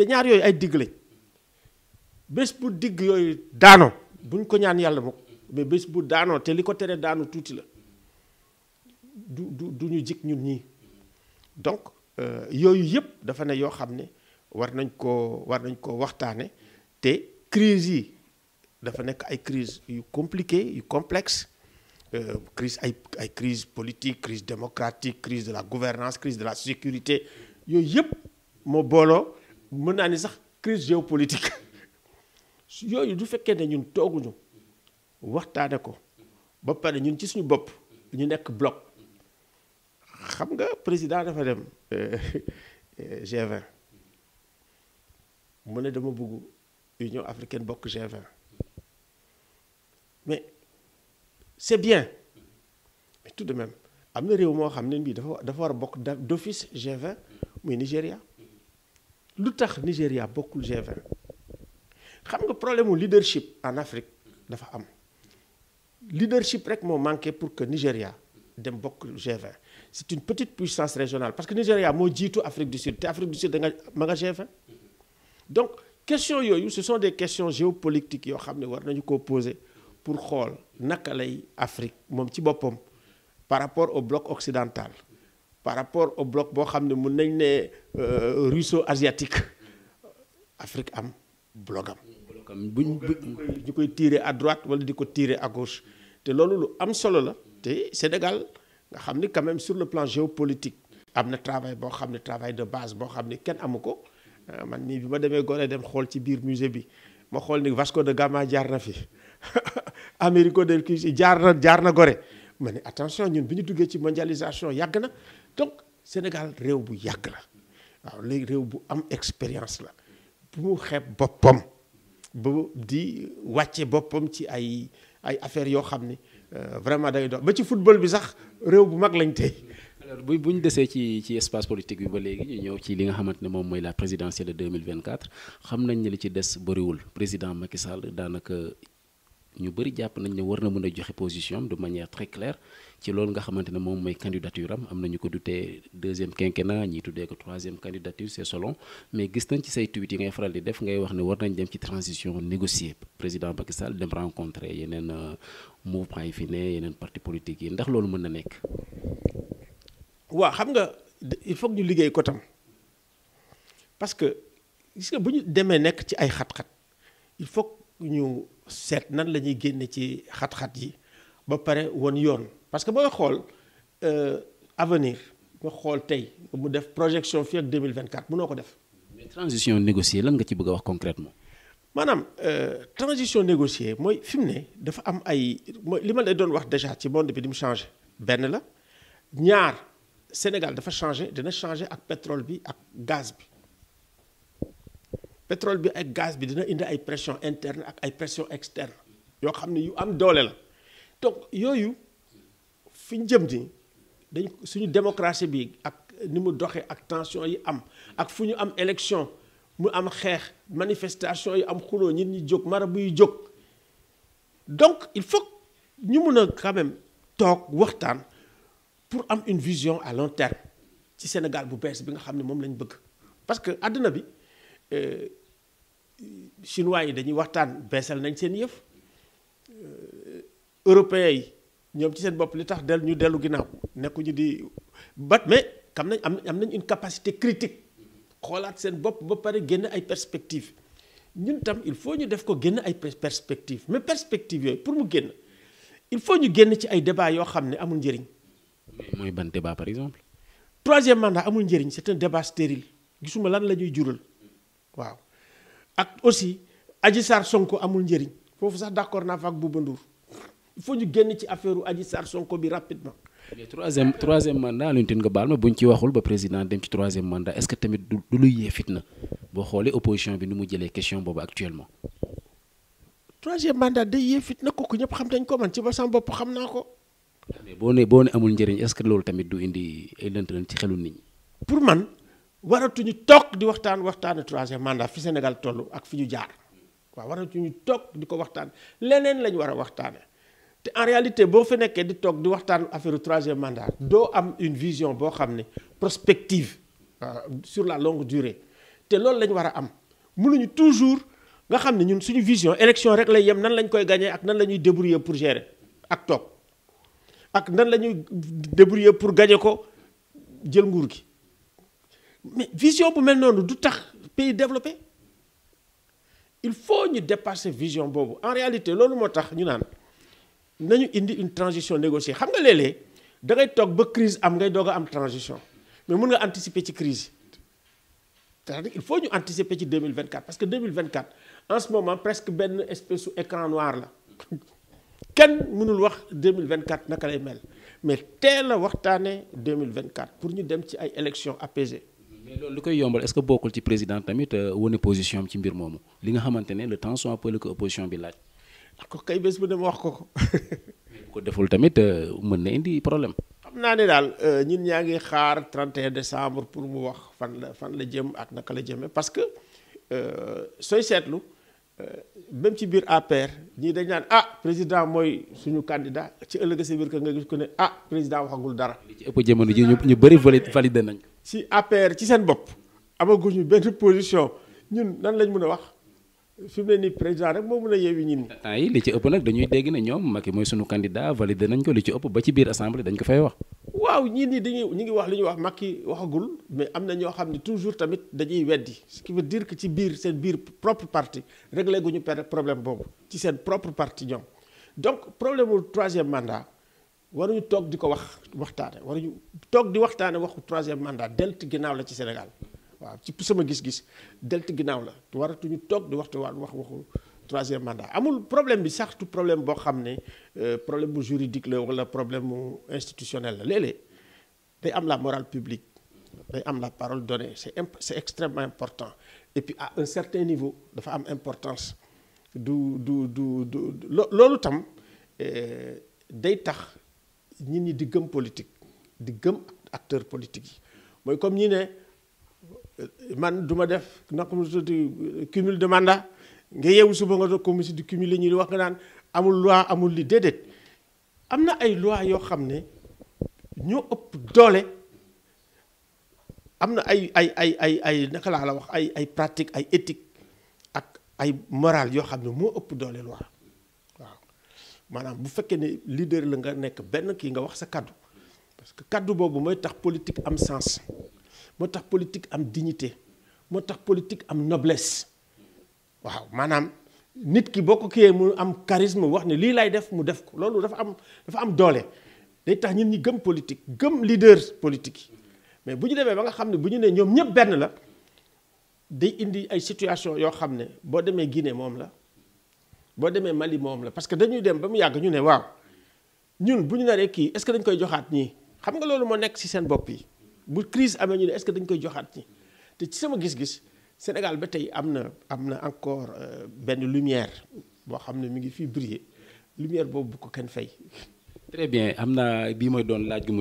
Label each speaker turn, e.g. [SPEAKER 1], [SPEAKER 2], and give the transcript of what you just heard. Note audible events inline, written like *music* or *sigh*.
[SPEAKER 1] te ñaar yooyu ay digg lañ bés bu digg yooyu daanoo buñ ko ñaan yàlla moom mais bés bu daanoo te li ko tere daanu tuuti la du du du ñu jik ñun ñii donc euh, yooyu yëpp dafa ne yoo xam ne war nañ koo war nañ koo waxtaane te crise yi dafa nekk ay crise yu compliqué yu complexe Euh, crise ay ay crise politique crise démocratique crise de la gouvernance crise de la sécurité yooyu yëpp moo booloo mën naa ni sax crise géopolitique *laughs* yooyu du fekkee ne ñun tooguñu waxtaane ko ba pare ñun ci suñu bopp ñu nekk bloc xam nga président dafa dem euh, *laughs* G20 mu ne dama bëgg Union africaine bokk G20 mais c'est bien mais tout de même am na réew moo xam ne bii dafa dafa war a bokk d'office G20 muy Nigéria lu tax Nigéria bokkul g xam nga problème mu leadership en Afrique dafa am leadership rek moo manqué pour que Nigéria dem bokk G20 c'est une petite puissance régionale parce que Nigéria moo jiitu Afrique du Sud te Afrique du Sud da ma nga g donc question yooyu ce sont des questions géopolitiques yoo xam ne war nañu ko poser pour xool naka lay Afrique moom ci boppam par rapport au bloc occidental par rapport au bloc boo xam ne mun nañ ne euh, russo-asiatique Afrique am blocam buñ ñu koy tirer à droite wala di ko tirer à gauche te loolu lu am solo la te Sénégal nga xam ni quand même sur le plan géopolitique am na travail boo xam ne travail de base boo xam ne kenn amu ko euh, man nii bi ma demee Gorée dem xool ci biir musée bi ma xool ni Vasco da Gama jaar na fi *laughs* Américo del Kii jaar na jaar na Gorée ma ne attention ñun bi ñu duggee ci mondialisation yàgg na donc Sénégal réew bu yàgg la waaw léegi réew bu am expérience la bu mu xeeb boppam ba di wàcce boppam ci
[SPEAKER 2] ay ay affaires yoo xam ne euh, vraiment day dox ba ci football bi sax réew bu mag lañ tey. alors bu bu ñu desee ci ci espace politique bi ba léegi ñu ñëw ci li nga xamante ne moom mooy la présidentielle de 2024 xam nañ ne li ci des bëriwul président Macky Sall daanaka. ñu bëri jàpp nañ ne war na mën a joxe position de manière très claire ci loolu nga xamante ne moom mooy candidature am am na ñu ko dutee deuxième quinquennat ñi tuddee ko troisième candidature c'est selon mais gis nañ ci say tweet yi ngay faral di def ngay wax ne war nañ dem ci transition négociée président Macky Sall dem rencontrer yeneen euh, mouvement yi fi ne yeneen parti politique yi ndax loolu mën na nekk.
[SPEAKER 1] waa xam nga il faut ñu liggéey ko tam parce que gis bu ñu demee nekk ci ay xat ñu seet nan la ñuy génne ci xat-xat yi ba pare woon yoon parce que booy xool euh, avenir nga xool tey mu def projection fii ak 2024 mënoo ko def.
[SPEAKER 2] mais transition négociée lan nga ci bëgg a wax concrètement
[SPEAKER 1] maanaam euh, transition négociée mooy fi mu ne dafa am ay li ma lay doon wax déjà ci monde bi di mu changé benn la ñaar Sénégal dafa changé dina changé ak pétrole bi ak gaz bi. pétrole bi ay gaz bi dina indi ay pression interne ak ay pression externe yoo xam ne yu am doole la donc yooyu fi ñu jëm ni dañ suñu démocratie bi ak ni mu doxee ak tension yi am ak fu ñu am élection mu am xeex manifestation yi am xuloo ñi ñi jóg marabu yu jóg donc il faut ñu mun a quand toog waxtaan pour am une vision à long terme ci Sénégal bu bees bi nga xam ne moom lañ bëgg parce que àddina bi euh, chinois yi dañuy waxtaan beesal nañ seen yëf euh, européens yi ñoom ci seen bopp li tax del ñu dellu ginnaaw nekkuñu di bat mais xam nañ am am nañ une capacité critique xoolaat seen bopp ba pare génn ay perspectives ñun tam il faut ñu def ko génn ay perspectives mais perspectives yooyu pour mu génn il faut ñu génn ci ay débats yoo xam ne amul njëriñ. mooy ban débat par exemple. troisième mandat amul njëriñ c'est un débat stérile gisuma lan la ñuy jural waaw. ak aussi Adji Sarr Sonko amul njëriñ foofu sax d'accord naa fa ak Bouba Ndour il faut ñu génn ci affaire u Adji Sarr Sonko bi rapidement.
[SPEAKER 2] mais troisième troisième mandat Alioune Tine nga baal ma buñ ci waxul ba président dem ci troisième mandat est-ce que tamit du du luy yee fitna boo xoolee opposition bi nu mu jëlee question boobu actuellement.
[SPEAKER 1] troisième mandat day yee fitna kooku ñëpp xam nañ ko man ci ba sama bopp xam naa ko.
[SPEAKER 2] mais boo nee boo nee amul njëriñ est que loolu tamit du indi ay lënt-lënt ci xelu nit
[SPEAKER 1] waratuñu toog di waxtaan waxtaanu troisième mandat fi Sénégal toll ak fi ñu jaar waaw waratu ñu toog di ko waxtaan leneen lañu war a waxtaanee te en réalité boo fi nekkee di toog di waxtaan affaire troisième mandat doo am une vision boo xam ne prospective euh, sur la longue durée te loolu lañu war a am mënuñu toujours nga xam ne ñun suñu vision élection rek lay yem nan lañ koy gañee ak nan la ñuy débrouiller pour gérer ak toog ak nan la ñuy débrouiller pour gagner ko jël nguur gi. mais vision bu mel noonu du tax pays développé il faut ñu dépasser vision boobu en réalité loolu moo tax ñu naan nañu indi une transition négociée xam nga léeg-léeg da toog ba crise am ngay doog am transition mais mun nga anticiper ci crise c'est-à-dire il faut ñu anticiper ci 2024 parce que 2024 en ce moment presque benn espèce su écran noir la kenn mënul wax 2024 naka lay mel mais teel la waxtaanee 2024 pour ñu dem ci ay élections apaisées.
[SPEAKER 2] mais lu koy yombal est-ce que bokkul ci président tamit euh, wane position ci mbir moomu li nga xamante ne le temps soit peu que opposition bi laaj. ko kay bés
[SPEAKER 1] bu dem wax ko ko.
[SPEAKER 2] *laughs* bu ko deful tamit euh, mën na indi problème.
[SPEAKER 1] am naa ne daal euh, ñin ñaa ngi xaar 31 décembre pour mu wax fan la fan la jëm ak naka la jëmee parce que sooy seetlu même ci biir APR ñii dañ naan ah président mooy suñu candidat ci ëllëg si biir que nga gis ko ne ah président waxagul dara. ci
[SPEAKER 2] ëpp jamono ji ñu bëri valide nañ
[SPEAKER 1] si APR ci seen bopp amaguñu benn position ñun nan lañ mën a wax fi mu ne nii président rek moo mën a yeewi ñin
[SPEAKER 2] temps yi li ci ëpp nag dañuy dégg ne ñoom Macky mooy sunu candidat validé nañ ko li ci ëpp ba ci biir assemblée dañ ko fay wax.
[SPEAKER 1] waaw ñii nii dañuy ñu ngi wax li ñuy wax Macky waxagul mais am na ñoo xam ne toujours tamit dañuy weddi ce qui veut dire que ci biir seen biir propre parti réglé gu ñu problème boobu ci seen propre parti ñoom donc problème mu troisième mandat. waruñu toog di ko wax waxtaane waruñu toog di waxtaane waxu troisième mandat delt ginnaaw la ci Sénégal waaw ci sama gis-gis delt ginnaaw la waratuñu toog di waxtu wax waxu troisième mandat amul problème bi sax tu problème boo xam ne euh, problème bu juridique la wala problème mu institutionnel la léeg-léeg day am la morale publique day am la parole donnée c'est imp c'est extrêmement important et puis à un certain niveau dafa am importance du du du du loolu euh, day tax nit ñi di gëm politique di gëm acteur politique yi mooy comme ñi ne man duma ma def naka mu tudd cumul de mandat nga yeewu suba nga doog commission di cumul ñu wax nga naan amul loi amul li déedéet am na ay loi yoo xam ne ñoo ëpp doole am na ay ay ay ay ay naka laa la wax ay ay pratique ay éthique ak ay morale yoo xam ne moo ëpp doole loi maanaam bu fekkee ne leader la nga nekk benn kii nga wax sa kaddu parce que kaddu boobu mooy tax politique am sens moo tax politique am dignité moo tax politique am noblesse waaw maanaam nit ki boo ko kiyee mu am charisme wax ne lii laay def mu def ko loolu dafa am dafa am doole day tax ñun ñi gëm politique gëm leader politique yi mais bu ñu demee ba nga xam ne bu ñu nee ñoom ñëpp benn la day indi ay situation yoo xam ne boo demee Guinée moom la boo demee Mali moom la parce que dañuy dem ba mu yàgg ñu ne waaw ñun bu ñu naree kii est-ce que dañ koy joxaat ñii xam nga loolu moo nekk ci seen bopp yi bu crise amee ñu ne est-ce dañ koy joxaat ñi te ci sama gis-gis Sénégal ba tey am na am na encore euh, benn lumière boo xam ne mu ngi fii briller lumière boobu bu ko kenn fay.
[SPEAKER 2] très bien am na bii mooy doon laaj gu mu